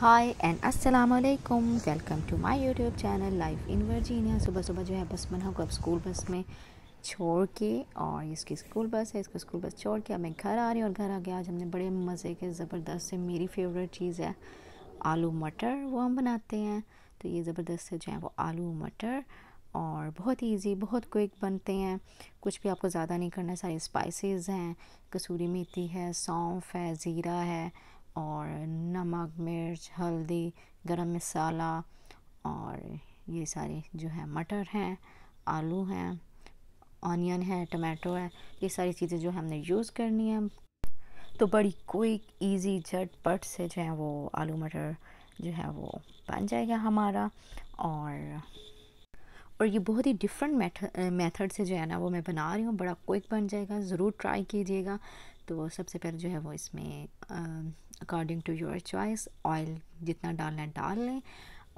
हाय and अस्सलाम वालेकुम welcome to my YouTube channel life in Virginia सुबह सुबह जो है बस मन अब स्कूल बस में छोड़ के और इसकी स्कूल बस है इसको स्कूल बस छोड़ के अब मैं घर आ रही हूँ और घर आ गया आज हमने बड़े मज़े के ज़बरदस्त से मेरी फेवरेट चीज़ है आलू मटर वो हम बनाते हैं तो ये ज़बरदस्त से जो है वो आलू मटर और बहुत ईजी बहुत क्विक बनते हैं कुछ भी आपको ज़्यादा नहीं करना सारी स्पाइसेस हैं कसूरी मेथी है सौंफ है ज़ीरा है और नमक मिर्च हल्दी गरम मसाला और ये सारे जो है मटर हैं आलू हैं ऑनियन है टमाटो है ये सारी चीज़ें जो हमने यूज़ करनी है तो बड़ी क्विक इजी झटपट से जो है वो आलू मटर जो है वो बन जाएगा हमारा और और ये बहुत ही डिफरेंट मेथड से जो है ना वो मैं बना रही हूँ बड़ा क्विक बन जाएगा ज़रूर ट्राई कीजिएगा तो सबसे पहले जो है वो इसमें according to your choice oil जितना डालना है डाल लें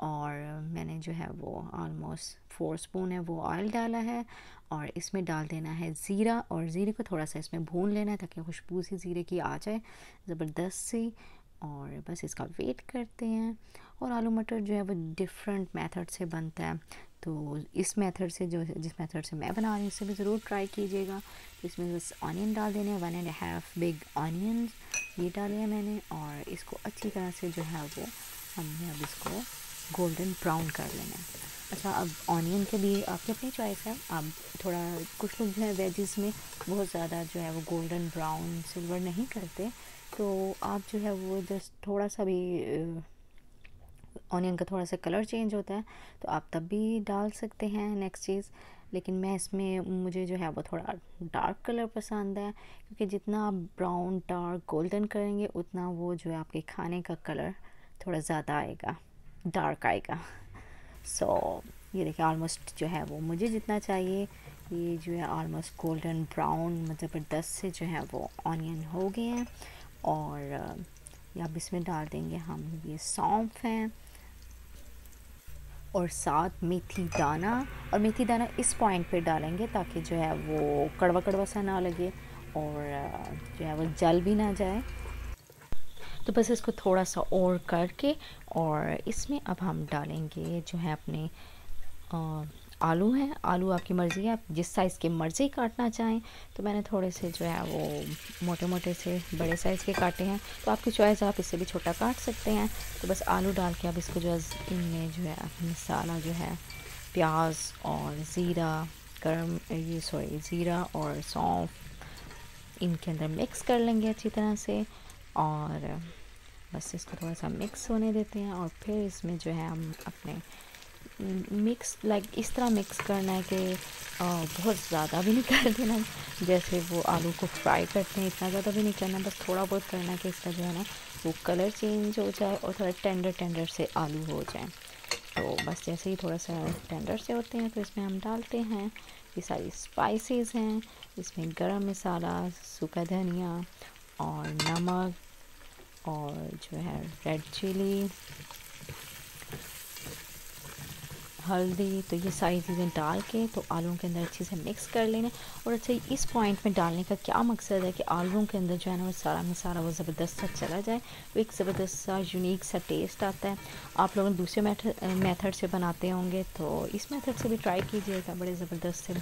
और मैंने जो है वो ऑलमोस्ट फोर स्पून है वो ऑयल डाला है और इसमें डाल देना है ज़ीरा और ज़ीरे को थोड़ा सा इसमें भून लेना है ताकि खुशबू सी ज़ीरे की आ जाए ज़बरदस्त सी और बस इसका वेट करते हैं और आलू मटर जो है वो डिफरेंट मेथड से बनता है तो इस मेथड से जो जिस मेथड से मैं बना रही हूँ उससे भी ज़रूर ट्राई कीजिएगा तो इसमें बस ऑनियन डाल देने one and half big onion ये डाले हैं मैंने और इसको अच्छी तरह से जो है वो हमने अब इसको गोल्डन ब्राउन कर लेना है अच्छा अब ऑनियन के भी आपकी अपनी चॉइस है अब थोड़ा कुछ लोग जो है वेजिस में बहुत ज़्यादा जो है वो गोल्डन ब्राउन सिल्वर नहीं करते तो आप जो है वो जस्ट थोड़ा सा भी ऑनियन का थोड़ा सा कलर चेंज होता है तो आप तब भी डाल सकते हैं नेक्स्ट चीज़ लेकिन मैं इसमें मुझे जो है वो थोड़ा डार्क कलर पसंद है क्योंकि जितना आप ब्राउन डार्क गोल्डन करेंगे उतना वो जो है आपके खाने का कलर थोड़ा ज़्यादा आएगा डार्क आएगा सो so, ये देखिए ऑलमोस्ट जो है वो मुझे जितना चाहिए ये जो है ऑलमोस्ट गोल्डन ब्राउन मतलब दस से जो है वो ऑनियन हो गए हैं और अब इसमें डाल देंगे हम ये सौंफ हैं और साथ मेथी दाना और मेथी दाना इस पॉइंट पे डालेंगे ताकि जो है वो कड़वा कड़वा सा ना लगे और जो है वो जल भी ना जाए तो बस इसको थोड़ा सा और करके और इसमें अब हम डालेंगे जो है अपने आलू हैं आलू आपकी मर्ज़ी है आप जिस साइज़ के मर्ज़ी काटना चाहें तो मैंने थोड़े से जो है वो मोटे मोटे से बड़े साइज़ के काटे हैं तो आपकी चॉइस आप इससे भी छोटा काट सकते हैं तो बस आलू डाल के आप इसको जो है इनमें जो है मसाला जो है प्याज और ज़ीरा गर्म ये सॉरी ज़ीरा और सौंफ इनके अंदर मिक्स कर लेंगे अच्छी तरह से और बस इसको थोड़ा सा मिक्स होने देते हैं और फिर इसमें जो है हम अपने मिक्स लाइक इस तरह मिक्स करना है कि बहुत ज़्यादा भी नहीं कर देना जैसे वो आलू को फ्राई करते हैं इतना ज़्यादा भी नहीं करना बस थोड़ा बहुत करना है कि इसका जो है ना वो कलर चेंज हो जाए और थोड़ा टेंडर टेंडर से आलू हो जाए तो बस जैसे ही थोड़ा सा टेंडर से होते हैं तो इसमें हम डालते हैं ये सारी स्पाइसेस हैं इसमें गरम मसाला सूखा धनिया और नमक और जो है रेड चिली हल्दी तो ये सारी चीज़ें डाल के तो आलू के अंदर अच्छे से मिक्स कर लेना और अच्छा इस पॉइंट में डालने का क्या मकसद है कि आलू के अंदर जो है ना वो सारा मसाला वो ज़बरदस्त सा चला जाए वो एक ज़बरदस्त सा यूनिक सा टेस्ट आता है आप लोग दूसरे मेथड मेथड से बनाते होंगे तो इस मेथड से भी ट्राई कीजिएगा बड़े ज़बरदस्त से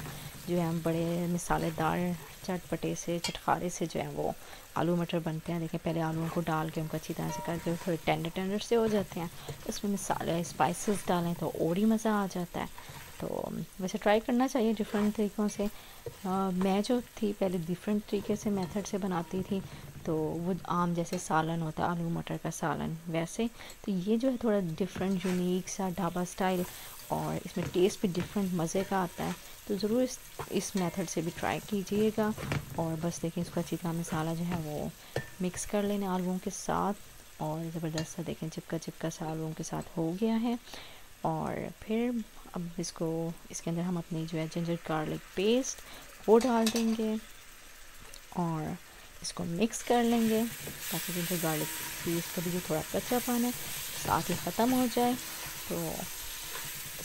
जो है बड़े मसालेदार चटपटे से चटखारे से जो है वो आलू मटर बनते हैं देखें पहले आलूओं को डाल के उनको अच्छी तरह से करके थोड़े टेंडर टेंडर से हो जाते हैं उसमें मसाले स्पाइसेस डालें तो और ही मज़ा आ जाता है तो वैसे ट्राई करना चाहिए डिफरेंट तरीक़ों से आ, मैं जो थी पहले डिफरेंट तरीके से मेथड से बनाती थी तो वो आम जैसे सालन होता है आलू मटर का सालन वैसे तो ये जो है थोड़ा डिफरेंट यूनिक सा ढाबा स्टाइल और इसमें टेस्ट भी डिफरेंट मज़े का आता है तो ज़रूर इस इस मेथड से भी ट्राई कीजिएगा और बस देखें इसको चिकना मसाला जो है वो मिक्स कर लेना आलूओं के साथ और ज़बरदस्त सा देखें चिपका चिपका सा आलूओं के साथ हो गया है और फिर अब इसको इसके अंदर हम अपनी जो है जिंजर गार्लिक पेस्ट वो डाल देंगे और इसको मिक्स कर लेंगे ताकि जिंजर गार्लिक पेस्ट का भी जो थोड़ा कच्चा पान है साथ ही ख़त्म हो जाए तो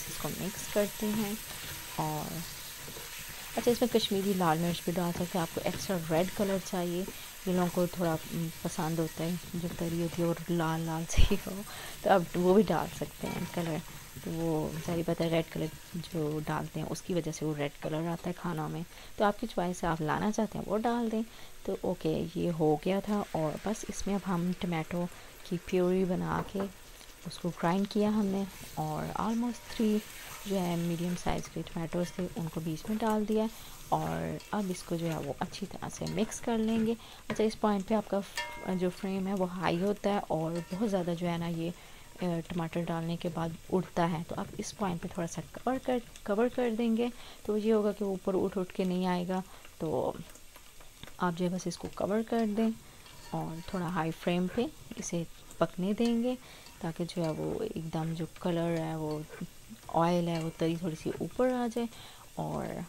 बस इसको मिक्स करते हैं और अच्छा इसमें कश्मीरी लाल मिर्च भी डाल सकते हैं आपको एक्स्ट्रा रेड कलर चाहिए जिन लोगों को थोड़ा हम्म, पसंद होता है जो तरी होती है और लाल लाल सही हो तो आप वो भी डाल सकते हैं कलर तो वो सारी पता है रेड कलर जो डालते हैं उसकी वजह से वो रेड कलर आता है खानों में तो आपकी च्वाइस आप लाना चाहते हैं वो डाल दें तो ओके ये हो गया था और बस इसमें अब हम टमाटो की प्योरी बना के उसको ग्राइंड किया हमने और आलमोस्ट थ्री जो है मीडियम साइज़ के टमाटोज थे उनको बीच में डाल दिया और अब इसको जो है वो अच्छी तरह से मिक्स कर लेंगे अच्छा इस पॉइंट पे आपका जो फ्लेम है वो हाई होता है और बहुत ज़्यादा जो है ना ये टमाटर डालने के बाद उड़ता है तो आप इस पॉइंट पे थोड़ा सा कवर कर कवर कर देंगे तो ये होगा कि ऊपर उठ उठ के नहीं आएगा तो आप जो है बस इसको कवर कर दें और थोड़ा हाई फ्लेम पे इसे पकने देंगे ताकि जो है वो एकदम जो कलर है वो ऑयल है वो तरी थोड़ी सी ऊपर आ जाए और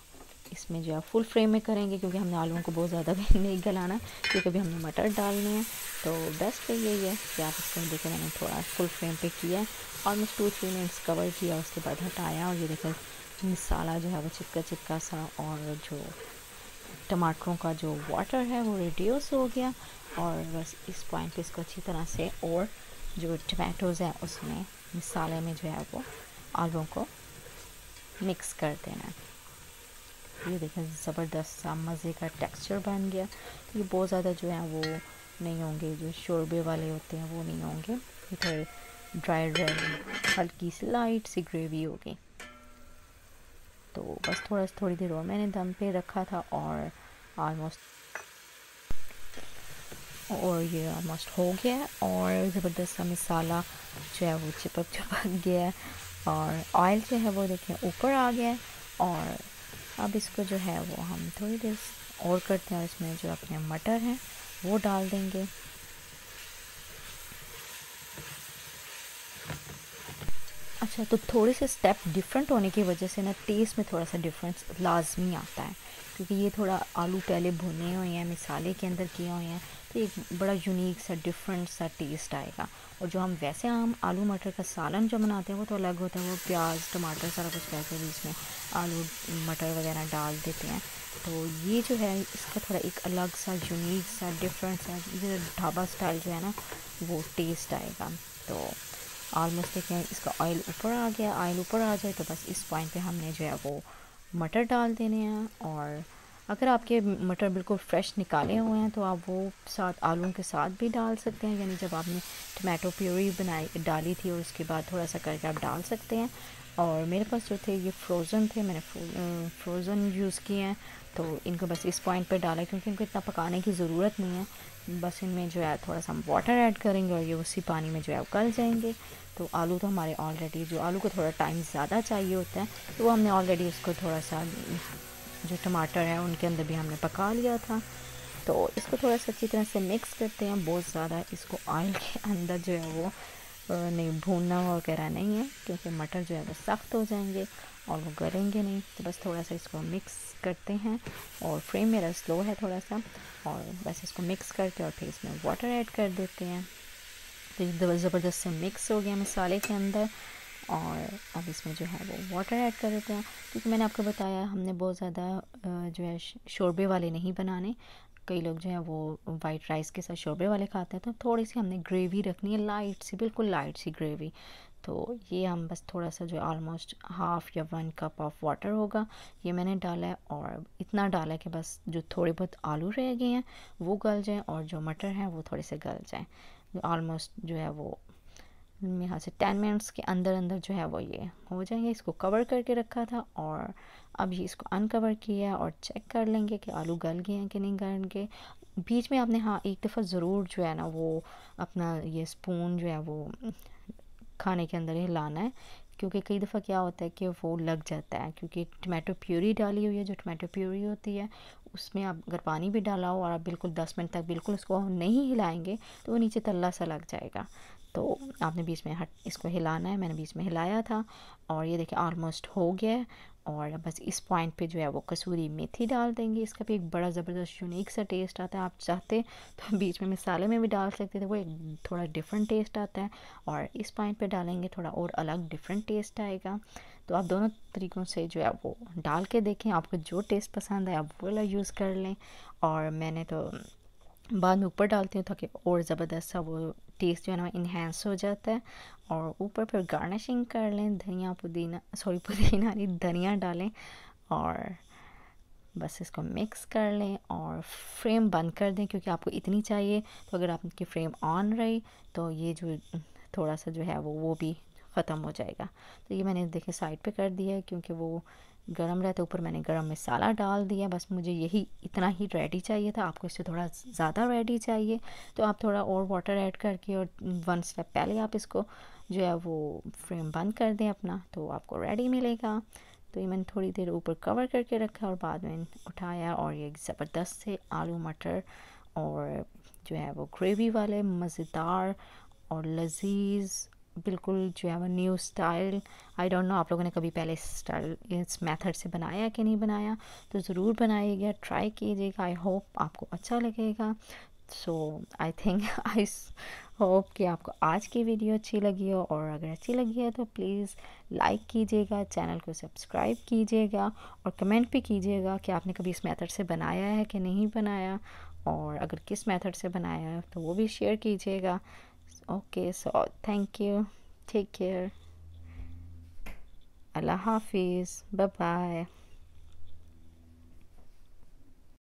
इसमें जो है फुल फ्रेम में करेंगे क्योंकि हमने आलूओं को बहुत ज़्यादा भी नहीं गलाना क्योंकि अभी हमने मटर डालने हैं तो बेस्ट तो यही है कि आप इसको देखें मैंने थोड़ा फुल फ्रेम पे किया है almost two three minutes cover किया उसके बाद हटाया और ये देखो मसाला जो है वो चिपका चिपका सा और जो टमाटरों का जो वाटर है वो रिड्यूस हो गया और बस इस पॉइंट पे इसको अच्छी तरह से और जो टमाटोज़ हैं उसमें मसाले में जो है वो आलूओं को मिक्स कर देना ये देखें ज़बरदस्त सा मज़े का टेक्सचर बन गया तो ये बहुत ज़्यादा जो है वो नहीं होंगे जो शोरबे वाले होते हैं वो नहीं होंगे ये ड्राई ड्राई हल्की सी लाइट सी ग्रेवी होगी तो बस थोड़ा सा थोड़ी देर और मैंने दम पे रखा था और ऑलमोस्ट और ये ऑलमोस्ट हो गया और ज़बरदस्त सा मसाला जो है वो चिपक चिपक गया और ऑयल जो है वो देखें ऊपर आ गया और अब इसको जो है वो हम थोड़ी देर और करते हैं और इसमें जो अपने मटर हैं वो डाल देंगे अच्छा तो थोड़े से स्टेप डिफरेंट होने की वजह से ना टेस्ट में थोड़ा सा डिफरेंस लाजमी आता है क्योंकि ये थोड़ा आलू पहले भुने हुए हैं मिसाले के अंदर किए हुए हैं तो एक बड़ा यूनिक सा डिफरेंट सा टेस्ट आएगा और जो हम वैसे आम आलू मटर का सालन जो बनाते हैं वो तो अलग होता है वो प्याज टमाटर सारा कुछ पैसे भी इसमें आलू मटर वगैरह डाल देते हैं तो ये जो है इसका थोड़ा एक अलग सा यूनिक सा डिफरेंट सा ढाबा स्टाइल जो है ना वो टेस्ट आएगा तो ऑलमोस्ट देखें इसका ऑयल ऊपर आ गया ऑयल ऊपर आ जाए तो बस इस पॉइंट पे हमने जो है वो मटर डाल देने हैं और अगर आपके मटर बिल्कुल फ्रेश निकाले हुए हैं तो आप वो साथ आलू के साथ भी डाल सकते हैं यानी जब आपने टमाटो प्योरी बनाई डाली थी और उसके बाद थोड़ा सा करके आप डाल सकते हैं और मेरे पास जो थे ये फ्रोज़न थे मैंने फ्रोज़न यूज़ किए हैं तो इनको बस इस पॉइंट पे डाला क्योंकि इनको इतना पकाने की ज़रूरत नहीं है बस इनमें जो है थोड़ा सा हम वाटर ऐड करेंगे और ये उसी पानी में जो है उकल जाएंगे तो आलू तो हमारे ऑलरेडी जो आलू को थोड़ा टाइम ज़्यादा चाहिए होता है तो वो हमने ऑलरेडी उसको थोड़ा सा जो टमाटर है उनके अंदर भी हमने पका लिया था तो इसको थोड़ा सा अच्छी तरह से मिक्स करते हैं बहुत ज़्यादा इसको ऑयल के अंदर जो है वो नहीं भूनना वगैरह नहीं है क्योंकि मटर जो है वो सख्त हो जाएंगे और वो गलेंगे नहीं तो बस थोड़ा सा इसको मिक्स करते हैं और फ्लेम मेरा स्लो है थोड़ा सा और बस इसको मिक्स करके और फिर इसमें वाटर ऐड कर देते हैं तो ज़बरदस्त से मिक्स हो गया मसाले के अंदर और अब इसमें जो है वो वाटर ऐड कर देते हैं क्योंकि मैंने आपको बताया हमने बहुत ज़्यादा जो है शोरबे वाले नहीं बनाने कई लोग जो हैं वो वाइट राइस के साथ शोरबे वाले खाते हैं तो थोड़ी सी हमने ग्रेवी रखनी है लाइट सी बिल्कुल लाइट सी ग्रेवी तो ये हम बस थोड़ा सा जो ऑलमोस्ट हाफ़ या वन कप ऑफ वाटर होगा ये मैंने डाला है और इतना डाला है कि बस जो थोड़े बहुत आलू रह गए हैं वो गल जाएँ और जो मटर हैं वो थोड़े से गल जाएँ ऑलमोस्ट जो है वो यहाँ से टेन मिनट्स के अंदर अंदर जो है वो ये हो जाएंगे इसको कवर करके रखा था और अब ये इसको अनकवर किया है और चेक कर लेंगे कि आलू गल गए हैं कि नहीं गल गए बीच में आपने हाँ एक दफ़ा ज़रूर जो है ना वो अपना ये स्पून जो है वो खाने के अंदर हिलाना है क्योंकि कई दफ़ा क्या होता है कि वो लग जाता है क्योंकि टमाटो प्यूरी डाली हुई है जो टमाटो प्यूरी होती है उसमें आप अगर पानी भी डाला हो और आप बिल्कुल दस मिनट तक बिल्कुल उसको नहीं हिलाएंगे तो वो नीचे तल्ला सा लग जाएगा तो आपने बीच में हट इसको हिलाना है मैंने बीच में हिलाया था और ये देखिए ऑलमोस्ट हो गया है और बस इस पॉइंट पे जो है वो कसूरी मेथी डाल देंगे इसका भी एक बड़ा ज़बरदस्त यूनिक सा टेस्ट आता है आप चाहते तो बीच में मसाले में भी डाल सकते थे वो एक थोड़ा डिफरेंट टेस्ट आता है और इस पॉइंट पे डालेंगे थोड़ा और अलग डिफरेंट टेस्ट आएगा तो आप दोनों तरीक़ों से जो है वो डाल के देखें आपको जो टेस्ट पसंद है आप वो वाला यूज़ कर लें और मैंने तो बाद में ऊपर डालती हूँ ताकि और ज़बरदस्त सा वो टेस्ट जो है ना इन्हेंस हो जाता है और ऊपर फिर गार्निशिंग कर लें धनिया पुदीना सॉरी पुदीना नहीं धनिया डालें और बस इसको मिक्स कर लें और फ्रेम बंद कर दें क्योंकि आपको इतनी चाहिए तो अगर आपकी फ्रेम ऑन रही तो ये जो थोड़ा सा जो है वो वो भी ख़त्म हो जाएगा तो ये मैंने देखे साइड पे कर दिया है क्योंकि वो गरम रहा था ऊपर मैंने गरम मसाला डाल दिया बस मुझे यही इतना ही रेडी चाहिए था आपको इससे थोड़ा ज़्यादा रेडी चाहिए तो आप थोड़ा और वाटर ऐड करके और वन स्टेप पहले आप इसको जो है वो फ्रेम बंद कर दें अपना तो आपको रेडी मिलेगा तो ये मैंने थोड़ी देर ऊपर कवर करके रखा और बाद में उठाया और ये ज़बरदस्त से आलू मटर और जो है वो ग्रेवी वाले मज़ेदार और लजीज़ बिल्कुल जो है वो new style I don't know आप लोगों ने कभी पहले स्टाइल इस मेथड से बनाया कि नहीं बनाया तो ज़रूर बनाइएगा ट्राई कीजिएगा आई होप आपको अच्छा लगेगा so I think I hope कि आपको आज की वीडियो अच्छी लगी हो और अगर अच्छी लगी है तो प्लीज़ लाइक कीजिएगा चैनल को सब्सक्राइब कीजिएगा और कमेंट भी कीजिएगा कि आपने कभी इस मेथड से बनाया है कि नहीं बनाया और अगर किस मेथड से बनाया है तो वो भी शेयर कीजिएगा okay so thank you take care allah hafiz bye bye